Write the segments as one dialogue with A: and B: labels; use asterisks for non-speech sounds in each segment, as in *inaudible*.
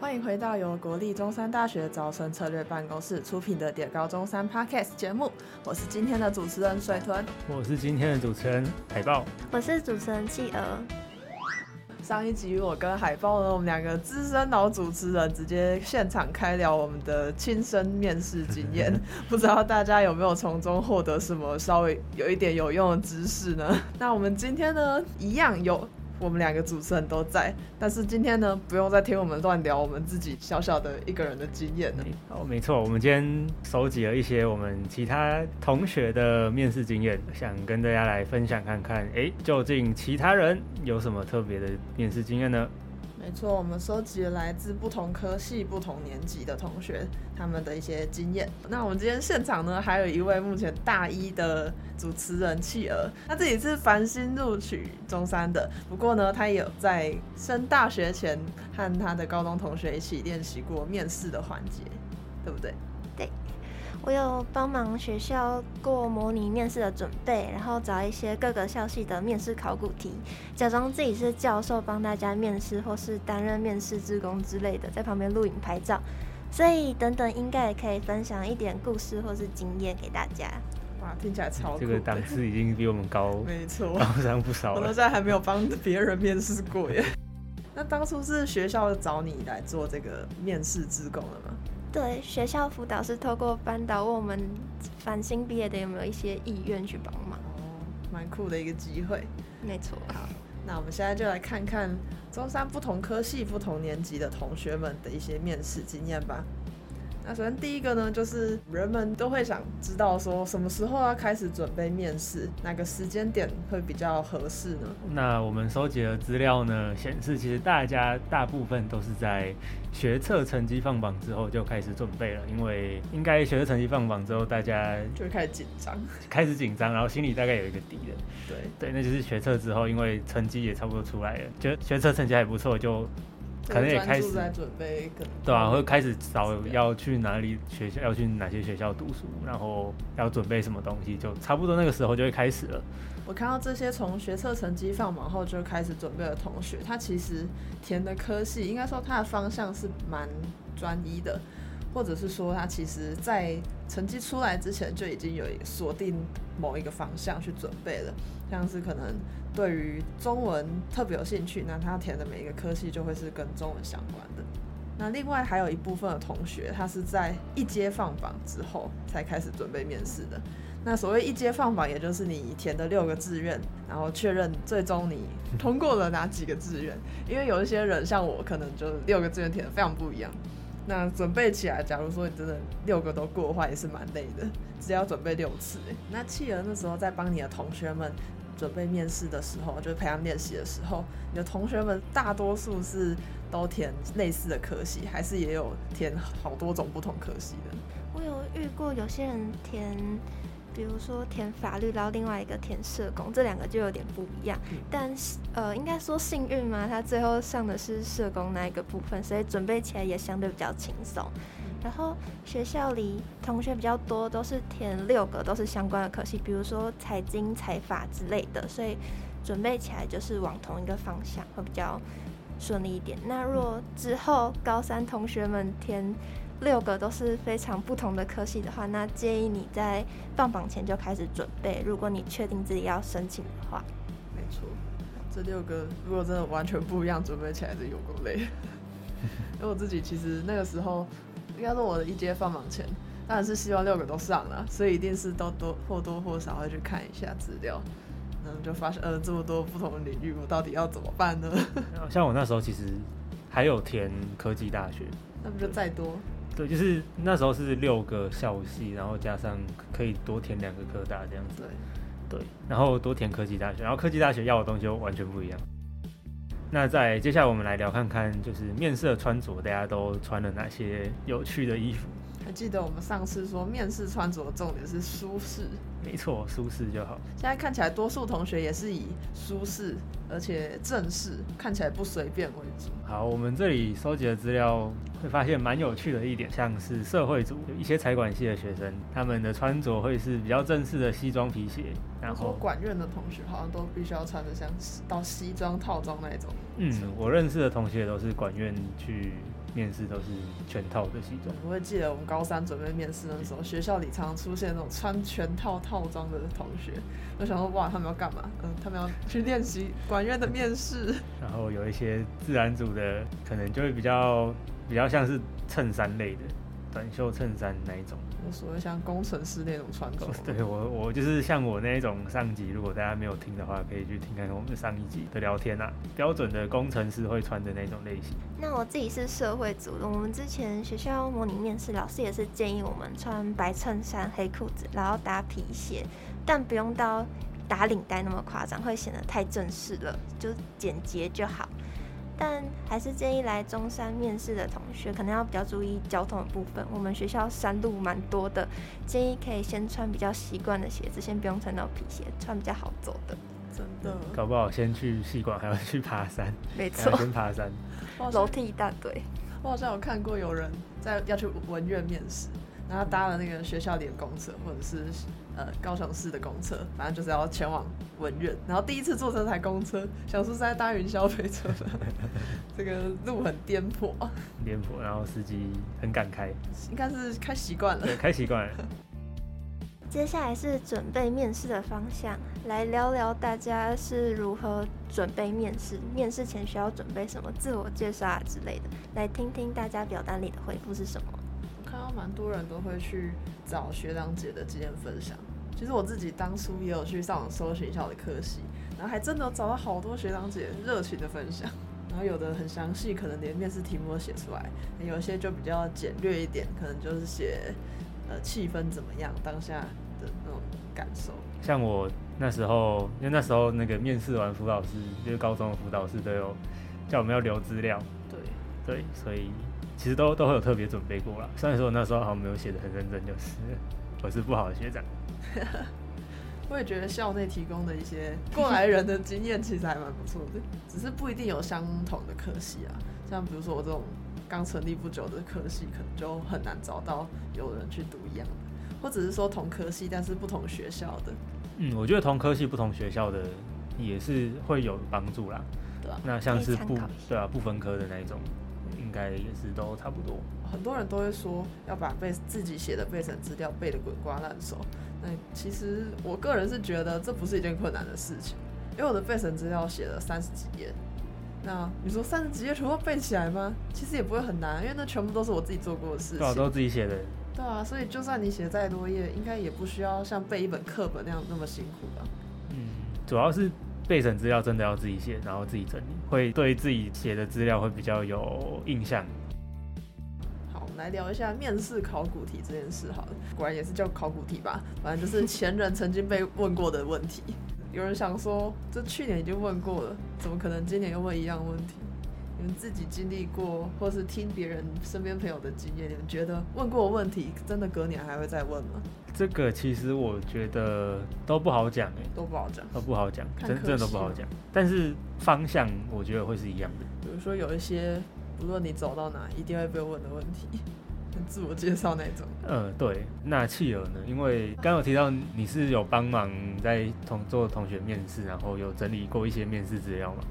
A: 歡迎回到由國立中山大學招生策略辦公室出品的《中猴中山》Podcast 節目，我是今天的主持人水豚。
B: 我是今天的主持人海豹。
A: 我是主持人企鵝。上一集我跟海豹呢，我們兩個資深老主持人，直接現場開聊我們的親身面試經驗， *laughs* 不知道大家有沒有從中獲得什麼稍微有一點有用的知識呢？ *laughs* 那我們今天呢，一樣有。我們兩個主持人都在，但是今天呢，不用再聽我們亂聊，我們自己小小的一個人的經驗
B: 呢。哎，哦，沒錯，我們今天收集了一些我們其他同學的面試經驗，想跟大家來分享看看，哎，究竟其他人有什麼特別的面試經驗呢？
A: 沒錯，我們收集了來自不同科系，不同年級的同學他們的一些經驗。那我們今天現場呢，還有一位目前大一的主持人企鵝，他自己是繁星錄取中山的，不過呢，他也有在升大學前和他的高中同學一起練習過面試的環節，對不對？對。
C: 我有幫忙學校過模擬面試的準備，然後找一些各個校系的面試考古題，假裝自己是教授幫大家面試，或是擔任面試志工之類的，在旁邊錄影拍照。所以等等應該也可以分享一點故事或是經
A: 驗給大家。哇，聽起來超酷的。這個檔次已
B: 經比我們高，沒錯，好像不少。我到現
A: 在還沒有幫別人面試過耶。 *laughs* 那當初是學校找你來做這個面試志工了嗎？
C: 對，學校輔導是透過班導問我
A: 們繁星畢業的有沒有一些意願去幫忙，哦，蠻酷的一個機會，沒錯。好，那我們現在就來看看中山不同科系、不同年級的同學們的一些面試經驗吧。那首先第一個呢，就是人們都會想知道說什麼時候要開始準備面試，哪個時間點會比較合適
B: 呢？那我們收集的資料呢，顯示其實大家大部分都是在學測成績放榜之後就開始準備了，因為應該學測成績放榜之後，大家
A: 就會開始緊張，
B: 開始緊張，然後心裡大概有一個底的。對對，那就是學測之後，因為成績也差不多出來了，覺得學測成績還不錯就。注可能也開始在準備，對啊，會開始找要去哪裡學校，要去哪些學校讀書，然後要準備什麼東西，就差不多那個時候就會開始了。
A: 我看到這些從學測成績放榜後就開始準備的同學，他其實填的科系，應該說他的方向是蠻專一的。或者是說，他其實，在成績出來之前就已經有鎖定某一個方向去準備了，像是可能對於中文特別有興趣，那他填的每一個科系就會是跟中文相關的。那另外還有一部分的同學，他是在一階放榜之後才開始準備面試的。那所謂一階放榜，也就是你填的六個志願，然後確認最終你通過了哪幾個志願。因為有一些人像我，可能就六個志願填得非常不一樣。那準備起來，假如說你真的六個都過的話，也是蠻累的，只要準備六次。那企鵝那時候在幫你的同學們準備面試的時候，就是陪他們練習的時候，你的同學們大多數是都填類似的科系，還是也有填好多種不同科系的？
C: 我有遇過有些人填。比如說填法律，然後另外一個填社工，這兩個就有點不一樣。但是呃，應該說幸運嘛，他最後上的是社工那一個部分，所以準備起來也相對比較輕鬆。然後學校裡同學比較多，都是填六個，都是相關的科系，比如說財經、財法之類的，所以準備起來就是往同一個方向會比較順利一點。那若之後高三同學們填。六個都是非常不同的科系的話，那建議你在放榜前就開始準備。如果你確定自己要申請的話，
A: 沒錯，這六個如果真的完全不一樣，準備起來就有夠累。 *laughs* 因為我自己其實那個時候，應該是我的一階放榜前，當然是希望六個都上了，所以一定是都多或多或少會去看一下資料，然後就發現，呃，這麼多不同的領域，我到底要怎麼辦呢？
B: 像我那時候其實還有填科技大學，
A: 那不就再多？
B: 對，就是那時候是六個校系，然後加上可以多填兩個科大這樣子對。對，然後多填科技大學，然後科技大學要的東西就完全不一樣。那在接下來我們來聊看看，就是面試穿着，大家都穿了哪些有趣的衣服。
A: 還記得我們上次說面試穿着的重點是舒適，
B: 沒錯，舒適就好。
A: 現在看起來，多數同學也是以舒適，而且正式，看起來不隨便為主。
B: 好，我們這裡收集的資料會發現蠻有趣的一點，像是社會組有一些財管系的學生，他們的穿着會是比較正式的西裝皮鞋，然後
A: 管院的同學好像都必須要穿的像到西裝套裝那種。
B: 嗯，我認識的同學也都是管院去，面試都是全套的西裝。
A: 我會記得我們高三準備面試的時候，學校裡常常出現那種穿全套套裝的同學。我想說，哇，他們要幹嘛？嗯，他們要去練習管院的面試。
B: *laughs* 然後有一些自然組的，可能就會比較比較像是襯衫類的。短袖襯衫那一種，
A: 我說像工程師那種穿
B: 著。對我，我就是像我那一種上一集，如果大家沒有聽的話，可以去聽看我們上一集的聊天啊。標準的工程師會穿的那種類型。
C: 那我自己是社會組的，我們之前學校模擬面試，老師也是建議我們穿白襯衫、黑褲子，然後搭皮鞋，但不用到打領帶那麼誇張，會顯得太正式了，就簡潔就好。但還是建議來中山面試的同學，可能要比較注意交通的部分。我們學校山路蠻多的，建議可以先穿比較習慣的鞋子，先不用穿到皮鞋，穿比較好走的。真的，
B: 搞不好先去系館還要去爬山，沒錯，先爬山，
A: 樓梯一大堆。我好像有看過有人在要去文院面試。然後搭了那個學校裡的公車，或者是呃高雄市的公車，反正就是要前往文苑。然後第一次坐這台公車，小蘇是在搭雲霄飛車，的。 *laughs* 這個路很顛簸，
B: 顛簸。然後司機很敢開，應
A: 該是開習慣了，
B: 對開習慣了。
C: 接下來是準備面試的方向，來聊聊大家是如何準備面試，面試前需要準備什麼，自我介紹啊之類的，來聽聽大家表單裡的回覆是什麼。
A: 蠻多人都會去找學長姐的經驗分享。其實我自己當初也有去上網搜學校的科系，然後還真的找到好多學長姐熱情的分享。然後有的很詳細，可能連面試題目都寫出來；有些就比較簡略一點，可能就是寫呃氣氛怎麼樣，當下的那
B: 種感受。像我那時候，因為那時候那個面試完輔導師，就是高中的輔導師都有叫我們要留資料。對對，所以。其實都都會有特別準備過了，雖然說我那時候好像沒有寫得很認真，就是我是不好的學長。
A: *laughs* 我也覺得校內提供的一些過來人的經驗其實還蠻不錯的， *laughs* 只是不一定有相同的科系啊。像比如說我這種剛成立不久的科系，可能就很難找到有人去讀一樣的，或者是說同科系但是不同學校的。
B: 嗯，我覺得同科系不同學校的也是會有幫助啦。對啊，那像是不，對啊，不分科的那一種。應該也是都差不多。
A: 很多人都會說要把背自己寫的備審資料背得滾瓜爛熟，那其實我個人是覺得這不是一件困難的事情，因為我的備審資料寫了三十幾頁，那你說三十幾頁全部背起來嗎？其實也不會很難，因為那全部都是我自己做過的事情，都是自己寫的。對啊，所以就算你寫再多頁，應該也不需要像背一本課本那樣那麼辛苦吧？
B: 嗯，主要是。備審資料真的要自己寫，然後自己整理，會對自己寫的資料會比較有印象。
A: 好，我們來聊一下面試考古題這件事。好了，果然也是叫考古題吧？反正就是前人曾經被問過的問題。 *laughs* 有人想說，這去年已經問過了，怎麼可能今年又問一樣問題？你們自己經歷過，或是聽別人身邊朋友的經驗，你們覺得問過問題，真的隔年還會再問嗎？
B: 這個其實我覺得都不好講，哎，
A: 都不好講，都
B: 不好講，啊，真正都不好講。但是方向我覺得會是一樣的。
A: 比如說有一些無論你走到哪，一定會被問的問題，很自我介紹那種，
B: 欸。嗯、呃，對。那企鵝呢？因為剛剛有提到你是有幫忙在同做同學面試，然後有整理過一些面試資料嗎？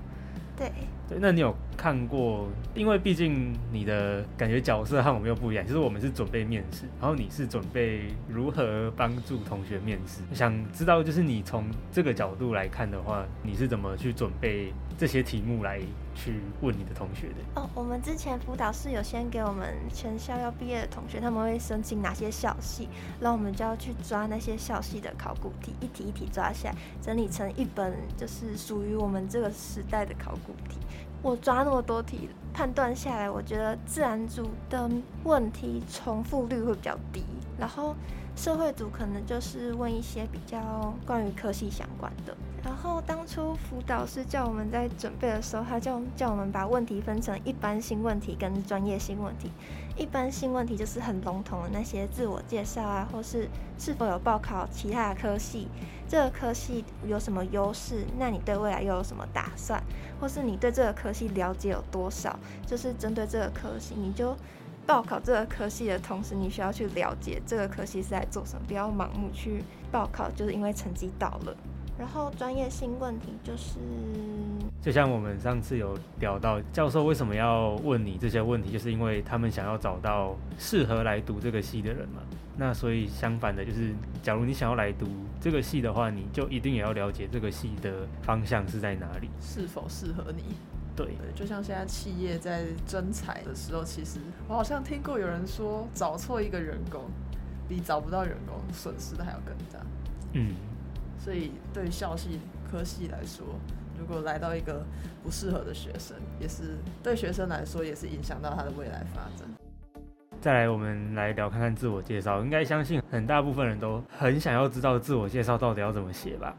B: 對。對，那你有看過？因為畢竟你的感覺角色和我們又不一樣，就是我們是準備面試，然後你是準備如何幫助同學面試？想知道就是你從這個角度來看的話，你是怎麼去準備這些題目來去問你的同學的？
C: 哦，我們之前輔導室有先給我們全校要畢業的同學，他們會申請哪些校系，然後我們就要去抓那些校系的考古題，一題一題抓下來，整理成一本就是屬於我們這個時代的考古題。我抓那麼多題判斷下來，我覺得自然組的問題重複率會比較低，然後社會組可能就是問一些比較關於科系相關的。然後當初輔導師叫我們在準備的時候，他就叫，叫我們把問題分成一般性問題跟專業性問題。一般性問題就是很籠統的那些自我介紹啊，或是是否有報考其他的科系，這個科系有什麼優勢，那你對未來又有什麼打算，或是你對這個科系了解有多少？就是針對這個科系，你就報考這個科系的同時，你需要去了解這個科系是在做什麼，不要盲目去報考，就是因為成績到了。然後專業性問題就是，
B: 就像我們上次有聊到，教授為什麼要問你這些問題，就是因為他們想要找到適合來讀這個系的人嘛。那所以相反的，就是假如你想要來讀這個系的話，你就一定也要了解這個系的方向是在哪裡，
A: 是否適合你對。對，就像現在企業在徵才的時候，其實我好像聽過有人說，找錯一個員工，比找不到員工損失的還要更大。嗯。所以對校系科系來說，如果來到一個不適合的學生，也是對學生來說也是影響到他的未來發
B: 展。再來，我們來聊看看自我介紹，應該相信很大部分人都很想要知道自我介紹到底要怎麼寫吧？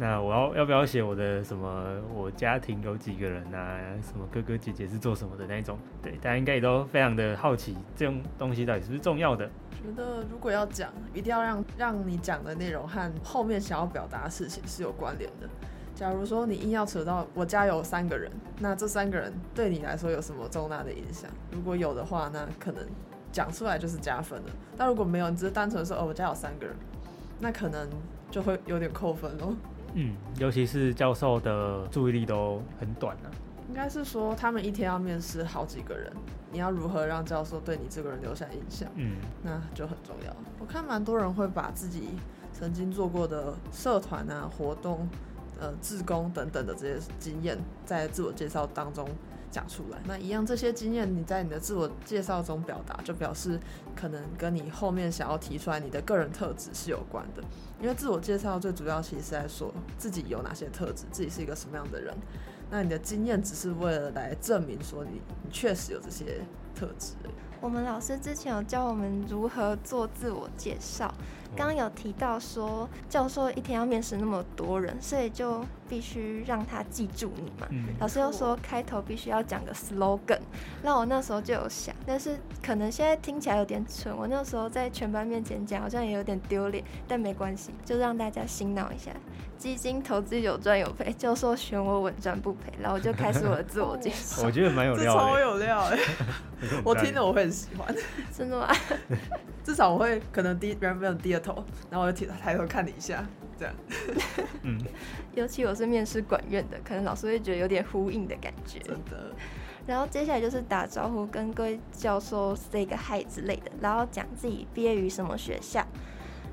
B: 那我要要不要寫我的什麼？我家庭有幾個人啊？什麼哥哥姐姐是做什麼的那一種？對，大家應該也都非常的好奇這種東西到底是不是重要的？
A: 覺得如果要講，一定要讓讓你講的內容和後面想要表達的事情是有關聯的。假如說你硬要扯到我家有三個人，那這三個人對你來說有什麼重大的影響？如果有的話，那可能講出來就是加分的。但如果沒有，你只是單純說哦、呃、我家有三個人，那可能就會有點扣分嘍。
B: 嗯，尤其是教授的注意力都很短啊。
A: 應該是說，他們一天要面試好幾個人，你要如何讓教授對你這個人留下印象？嗯，那就很重要。我看蠻多人會把自己曾經做過的社團啊、活動、呃、志工等等的這些經驗，在自我介紹當中。講出來，那一樣這些經驗你在你的自我介紹中表達，就表示可能跟你後面想要提出來你的個人特質是有關的，因為自我介紹最主要其實是在說自己有哪些特質，自己是一個什麼樣的人。那你的經驗只是為了來證明說你你確實有這些特質
C: 欸。我們老師之前有教我們如何做自我介紹，剛有提到說教授一天要面試那麼多人，所以就。必須讓他記住你嘛、嗯。老師又說開頭必須要講個 slogan，那、哦、我那時候就有想，但是可能現在聽起來有點蠢。我那時候在全班面前講，好像也有點丟臉，但沒關係，就讓大家醒腦一下。基金投資有賺有賠，教授選我穩
A: 賺不賠。然後我就開始我的自我介紹， *laughs* 我覺得蠻有料，這超有料哎！ *laughs* *laughs* 我聽了我會很喜歡， *laughs* 真的嗎？ *laughs* *laughs* 至少我會可能低原本低着頭，然後我就提抬頭看你一下。 *laughs* 尤其我是面試管院的，可能老
C: 師會覺得有點呼應的感覺。真的。然後接下來就是打招呼，跟各位教授 say 個 hi 之類的，然後講自己畢業於什麼學校，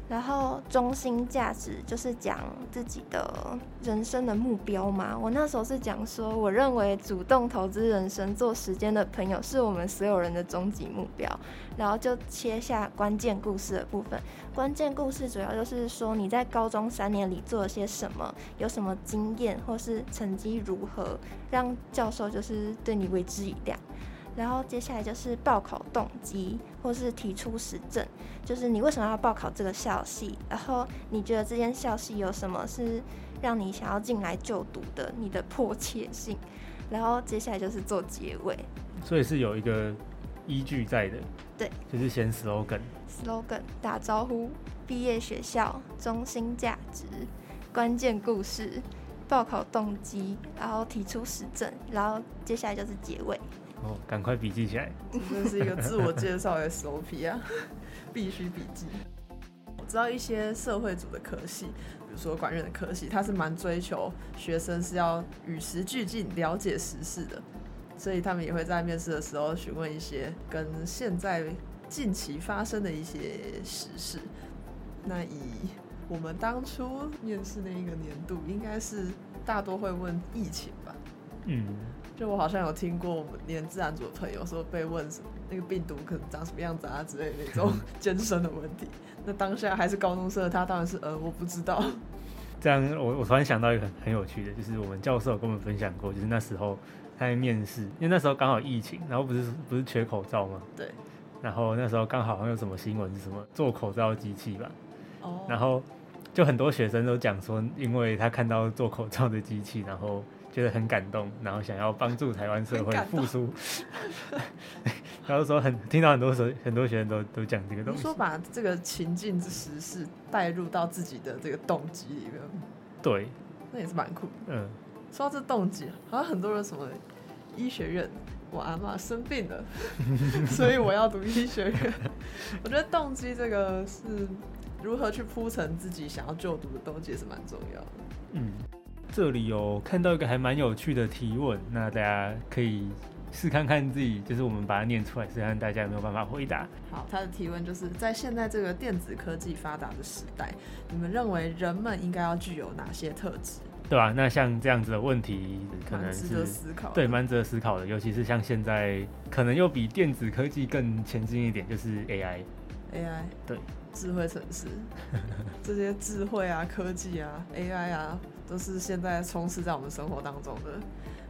C: 然後中心價值就是講自己的人生的目標嘛。我那時候是講說，我認為主動投資人生、做時間的朋友是我們所有人的終極目標。然後就切下關鍵故事的部分。關鍵故事主要就是說你在高中三年裡做了些什麼，有什麼經驗或是成績如何，讓教授就是對你為之一亮。然後接下來就是報考動機，或是提出實證，就是你為什麼要報考這個校系？然後你覺得這間校系有什麼是讓你想要進來就讀的？你的迫切性。然後接下來就是做結尾，
B: 所以是有一個依據在的。對，就是先 slogan，slogan
C: slogan，打招呼，畢業學校，中心價值，關鍵故事，報考動機，然後提出實證，然後接下來就是結尾。
B: 哦，趕快筆記起來！這是一個自我介
A: 紹 SOP 啊， *laughs* 必須筆記。我知道一些社會組的科系，比如說管院的科系，它是蠻追求學生是要與時俱進、了解時事的，所以他們也會在面試的時候詢問一些跟現在近期發生的一些時事。那以我們當初面試那一個年度，應該是大多會問疫情吧。嗯，就我好像有聽過我們連自然組的朋友說，被問什麼那個病毒可能長什麼樣子啊之類的那種艱深的問題。 *laughs* 那當下還是高中生的他當然是呃我不知道。
B: 這樣，我我突然想到一個很很有趣的，就是我們教授跟我們分享過，就是那時候他在面試，因為那時候剛好疫情，然後不是不是缺口罩嗎？對。然後那時候剛好好像有什麼新聞是什麼做口罩機器吧？哦、oh。然後就很多學生都講說，因為他看到做口罩的機器，然後。覺得很感動，然後想要幫助台灣社會復蘇。 *laughs* 然後說很聽到很多學很多學生都都講這個東西，說
A: 把這個情境之實是帶入到自己的這個動機裡面。
B: 對，那也是蠻酷。嗯，
A: 說到這動機，好像很多人什麼醫學院，我阿嬤生病了， *laughs* 所以我要讀醫學院。 *laughs* 我覺得動機這個是如何去鋪陳自己想要就讀的動機也是蠻重要的。
B: 嗯。這裡有看到一個還蠻有趣的提問，那大家可以試看看自己，就是我們把它念出來，試看大家有沒有辦法回答。好，
A: 他的提問就是在現在這個電子科技發達的時代，你們認為人們應該要具有哪些特質？
B: 對吧？啊？那像這樣子的問題，可能是值得思考的，對，蠻值得思考的，尤其是像現在可能又比電子科技更前進一點，就是
A: AI，AI，AI，對。智慧城市，這些智慧啊、科技啊、AI 啊，都是現在充斥在我們生活當中的，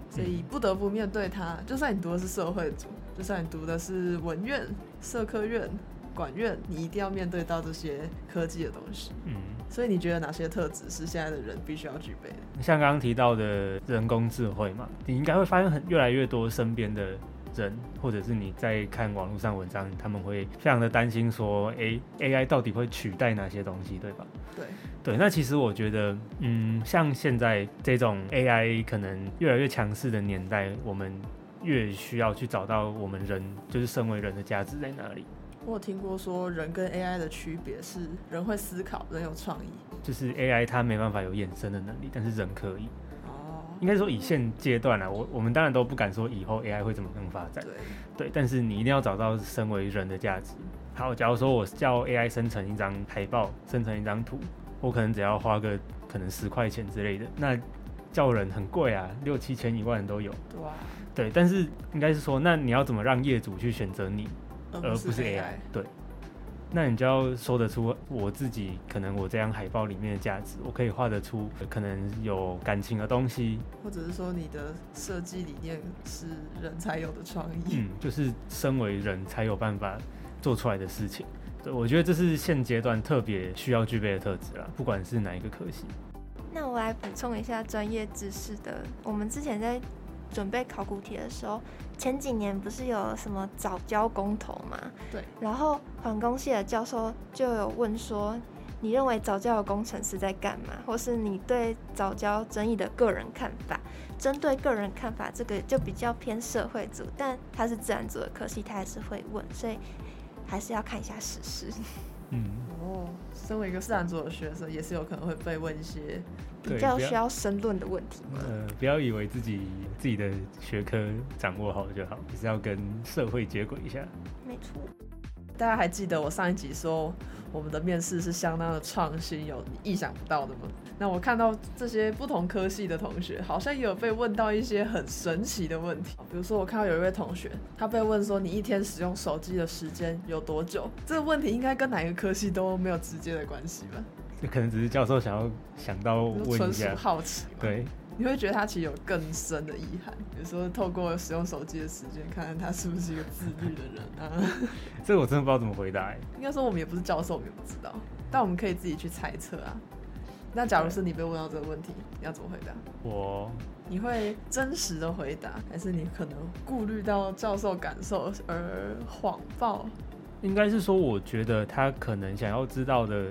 A: 所以不得不面對它。就算你讀的是社會組，就算你讀的是文院、社科院、管院，你一定要面對到這些科技的東西。嗯，所以你覺得哪些特質是現在的人必須要具備的？
B: 像剛剛提到的人工智慧嘛，你應該會發現很越來越多身邊的。人，或者是你在看網絡上文章，他們會非常的擔心說，欸，AI 到底會取代哪些東西，對吧？對對，那其實我覺得，嗯，像現在這種 AI 可能越來越強勢的年代，我們越需要去找到我們人，就是身為人的價值在哪裡。
A: 我有聽過說，人跟 AI 的區別是，人會思考，人有
B: 創意，就是 AI 它沒辦法有衍生的能力，但是人可以。應該說以現階段啊，我我們當然都不敢說以後 AI 會怎麼樣發展。對，對，但是你一定要找到身為人的價值。好，假如說我叫 AI 生成一張海報，生成一張圖，我可能只要花個可能十塊錢之類的。那叫人很貴啊，六七千、一萬人都有。對啊，對，但是應該是說，那你要怎麼讓業主去選擇你，嗯，而不是 AI？是 AI 對。那你就要說得出我自己可能我這張海報裡面的價值，我可以畫得出可能有感情的東西，
A: 或者是說你的設計理念是人才有的創意，嗯，
B: 就是身為人才有辦法做出來的事情，對，我覺得這是現階段特別需要具備的特質啦，不管是哪一個科系。
C: 那我來補充一下專業知識的，我們之前在。準備考古題的時候，前幾年不是有什麼藻礁公投嘛？對。然後環工系的教授就有問說：“你認為藻礁的工程師在幹嘛？或是你對藻礁爭議的個人看法？”針對個人看法，這個就比較偏社會組，但他是自然組的，可惜他還是會
A: 問，所以還是要看一下時事。 *noise* 嗯，哦，身為一個自然組的學生，也是有可能會被問一些比較需要申論的問題。嗯、
B: 呃，不要以為自己自己的學科掌握好就好，只是要跟社會接軌一下。
A: 沒錯。大家還記得我上一集說我們的面試是相當的創新有，有意想不到的嗎？那我看到這些不同科系的同學，好像也有被問到一些很神奇的問題。比如說，我看到有一位同學，他被問說：“你一天使用手機的時間有多久？”這個問題應該跟哪個科系都沒有直接的關係吧？
B: 這可能只是教授想要想到問一下，純屬好奇對。
A: 你會覺得他其實有更深的意涵，比如說透過使用手機的時間，看看他是不是一個自律的人啊？ *laughs* 這個我
B: 真的不知道怎麼回答。應
A: 該說，我們也不是教授，我們也不知道，但我們可以自己去猜測啊。那假如是你被問到這個問題，你要怎麼回答？
B: 我？
A: 你會真實的回答，還是你可能顧慮到教授感受而謊報？
B: 應該是說，我覺得他可能想要知道的，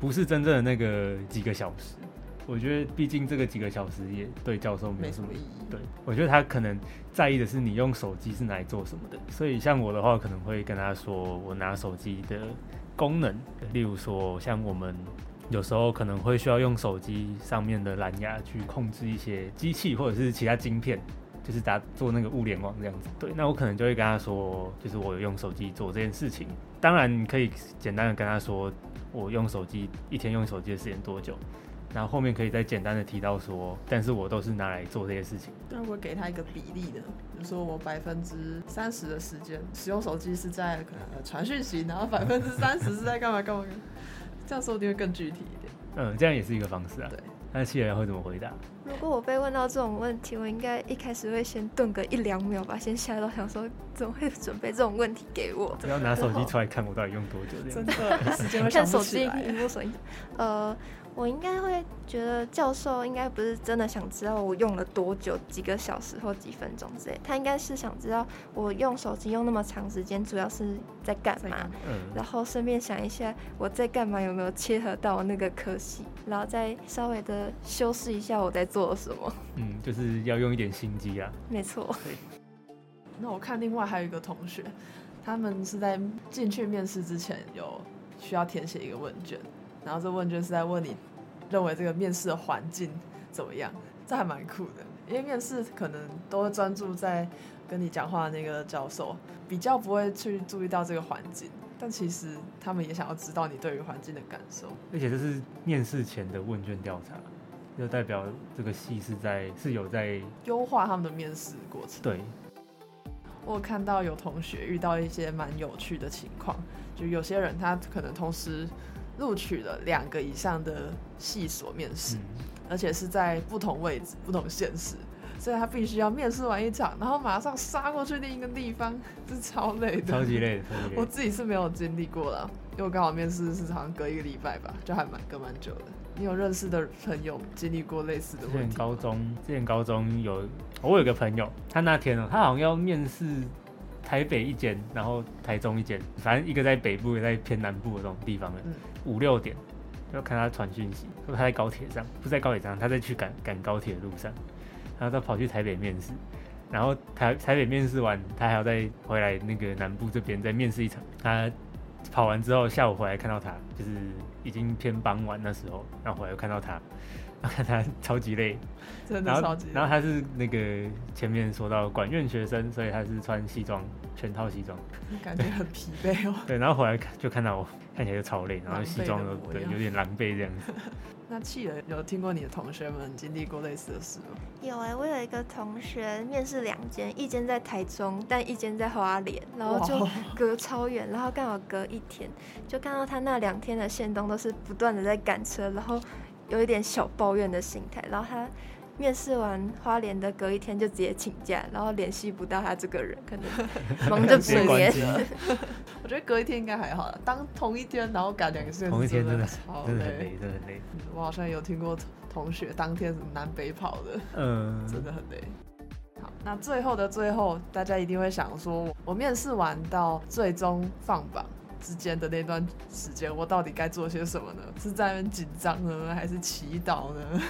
B: 不是真正的那個幾個小時。我覺得，畢竟這個幾個小時也對教授沒什麼意義。對，我覺得他可能在意的是你用手機是來做什麼的。所以，像我的話，可能會跟他說，我拿手機的功能，例如說，像我們有時候可能會需要用手機上面的藍牙去控制一些機器或者是其他晶片，就是打做那個物聯網這樣子。對，那我可能就會跟他說，就是我用手機做這件事情。當然，你可以簡單的跟他說，我用手機一天用手機的時間多久。然後後面可以再簡單的提到說，但是我都是拿來做這些事情。
A: 那我給他一個比例的比如、就是、說我百分之三十的時間使用手機是在可能、呃、傳訊息，然後百分之三十是在幹嘛，幹嘛幹嘛？這樣說不定會更具體
B: 一點。嗯，這樣也是一個方式啊。對，那企鵝會怎麼回答？
A: 如果我被問到這種問題，
C: 我應該一開始會先頓個一兩秒吧，先下嚇到想說怎麼會準備這種問題給我？我要拿手機出來看我
B: 到底用多久。真的時間會想
C: 了？看手機，看、嗯、手機，呃。我應該會覺得教授應該不是真的想知道我用了多久、幾個小時或幾分鐘之類，他應該是想知道我用手機用那麼長時間主要是在幹嘛在、嗯，然後順便想一下我在幹嘛，有沒有切合到我那
A: 個科系，然後再稍微的修飾一下我在做什麼。嗯，
B: 就是要用一點心機啊。
A: 沒錯。對。那我看另外還有一個同學，他們是在進去面試之前有需要填寫一個問卷。然後這問卷是在問你認為這個面試的環境怎麼樣，這還蠻酷的，因為面試可能都會專注在跟你講話的那個教授，比較不會去注意到這個環境，但其實他們也想要知道你對於環境的感受。
B: 而且這是面試前的問卷調查，就代表這個系是在是有在
A: 優化他們的面試過程。對，我看到有同學遇到一些蠻有趣的情況，就有些人他可能同時錄取了兩個以上的系所面試、嗯，而且是在不同位置、不同現實所以他必須要面試完一場，然後馬上殺過去另一個地方，是超累的,超累的。超級累，我自己是沒有經歷過啦，因為我剛好面試是好像隔一個禮拜吧，就還蠻隔蠻久的。你有認識的朋友經歷過類似的問題？之前
B: 高中，之前高中有，我有個朋友，他那天哦，他好像要面試。台北一間，然後台中一間，反正一個在北部，一個在偏南部的這種地方。五、嗯、六點要看他傳訊息，他在高鐵上，不在高鐵上，他在去趕趕高鐵的路上。然後他跑去台北面試，然後台台北面試完，他還要再回來那個南部這邊再面試一場。他跑完之後，下午回來看到他，就是已經偏傍晚那時候，然後回來又看到他。 *laughs* 他超級累，真的超級累。然後，然後他是那個前面說到管院學生，所以他是穿西裝，全套西裝，感覺很疲憊哦。 *laughs* 對，然後回來就看到我，看起來就超累，然後西裝都對有點狼狽這樣
A: *laughs* 那企鵝，有聽過你的同學們經歷過類似的事嗎？有哎、欸，我有一個
C: 同學面試兩間，一間在台中，但一間在花蓮，然後就隔超遠，然後剛好隔一天，就看到他那兩天的行動都是不斷的在趕車，然後。有一點小抱怨的心態，然後他面試完花蓮的
A: 隔一天就直接請假，然後聯繫不到他這個人，可能忙着睡蓮。我覺得隔一天應該還好，當同一天然後趕兩個縣真的超累，很累很累。我好像有聽過同學當天南北跑的，嗯
B: *laughs* 真的很累。
A: 好，那最後的最後，大家一定會想說，我面試完到最終放榜。之間的那段時間，我到底該做些什麼呢？是在緊張呢，還是祈禱呢？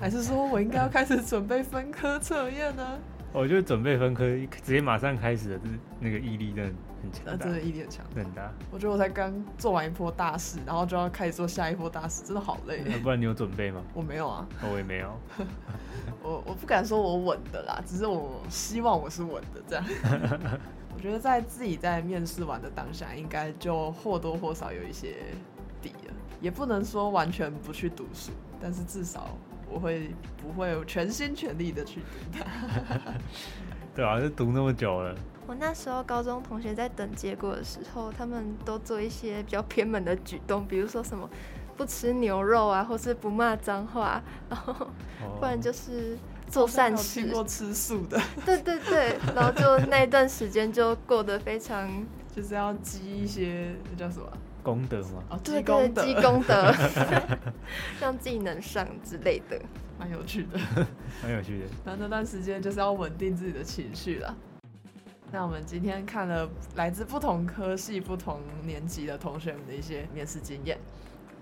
A: 還是說我應該要開始準備分科測驗呢？
B: *laughs* 我就準備分科，直接馬上開始了，就是那個毅力真的很強。大真的毅力強，很大。
A: 我覺得我才剛做完一波大事，然後就要開始做下一波大事，真的好累。嗯、不然
B: 你有準備嗎？我沒有啊，oh, 我也沒有。
A: *laughs* 我我不敢說我穩的啦，只是我希望我是穩的這樣。 *laughs* 我覺得在自己在面試完的當下，應該就或多或少有一些底了，也不能說完全不去讀書，但是至少我會不會全心全力的去讀它。
B: *laughs* 對啊，就讀那麼久了。
A: 我那時候高中同學在等結
C: 果的時候，他們都做一些比較偏門的舉動，比如說什麼不吃牛肉啊，或是不罵髒話，然後不然就是。做善事，我聽過
A: 吃素的，對
C: 對對，然後就那一段時間就過得非常， *laughs* 就是要積一些那叫什麼
B: 功德嘛，啊、哦，對對、對，積功德，
A: 讓自己能上之類的，蠻有趣的，
C: 蠻 *laughs* 有趣的。
A: 那那段時間就是要穩定自己的情緒了。那我們今天看了來自不同科系、不同年級的同學們的一些面試經驗。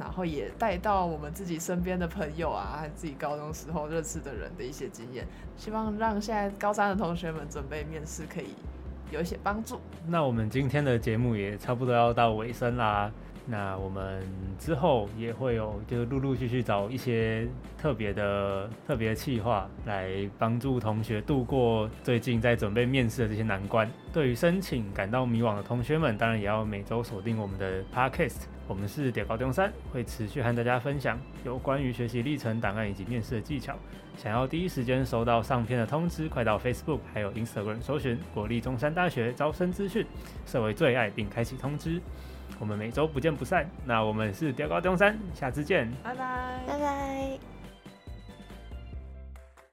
A: 然後也帶到我們自己身邊的朋友啊，自己高中時候認識的人的一些經驗，希望讓現在高三的同學們準備面試可以有一些幫助。
B: 那我們今天的節目也差不多要到尾聲啦。那我們之後也會有，就是陸陸續續續找一些特別的特別的計劃來幫助同學度過最近在準備面試的這些難關。對於申請感到迷惘的同學們，當然也要每周鎖定我們的 podcast。我們是中猴中山，會持續和大家分享有關於學習歷程檔案以及面試的技巧。想要第一時間收到上篇的通知，快到 Facebook 還有 Instagram 搜尋國立中山大學招生資訊，設為最愛並開啟通知。我們每周不見不散。那我們是中猴中山，下次見，
A: 拜拜，拜拜。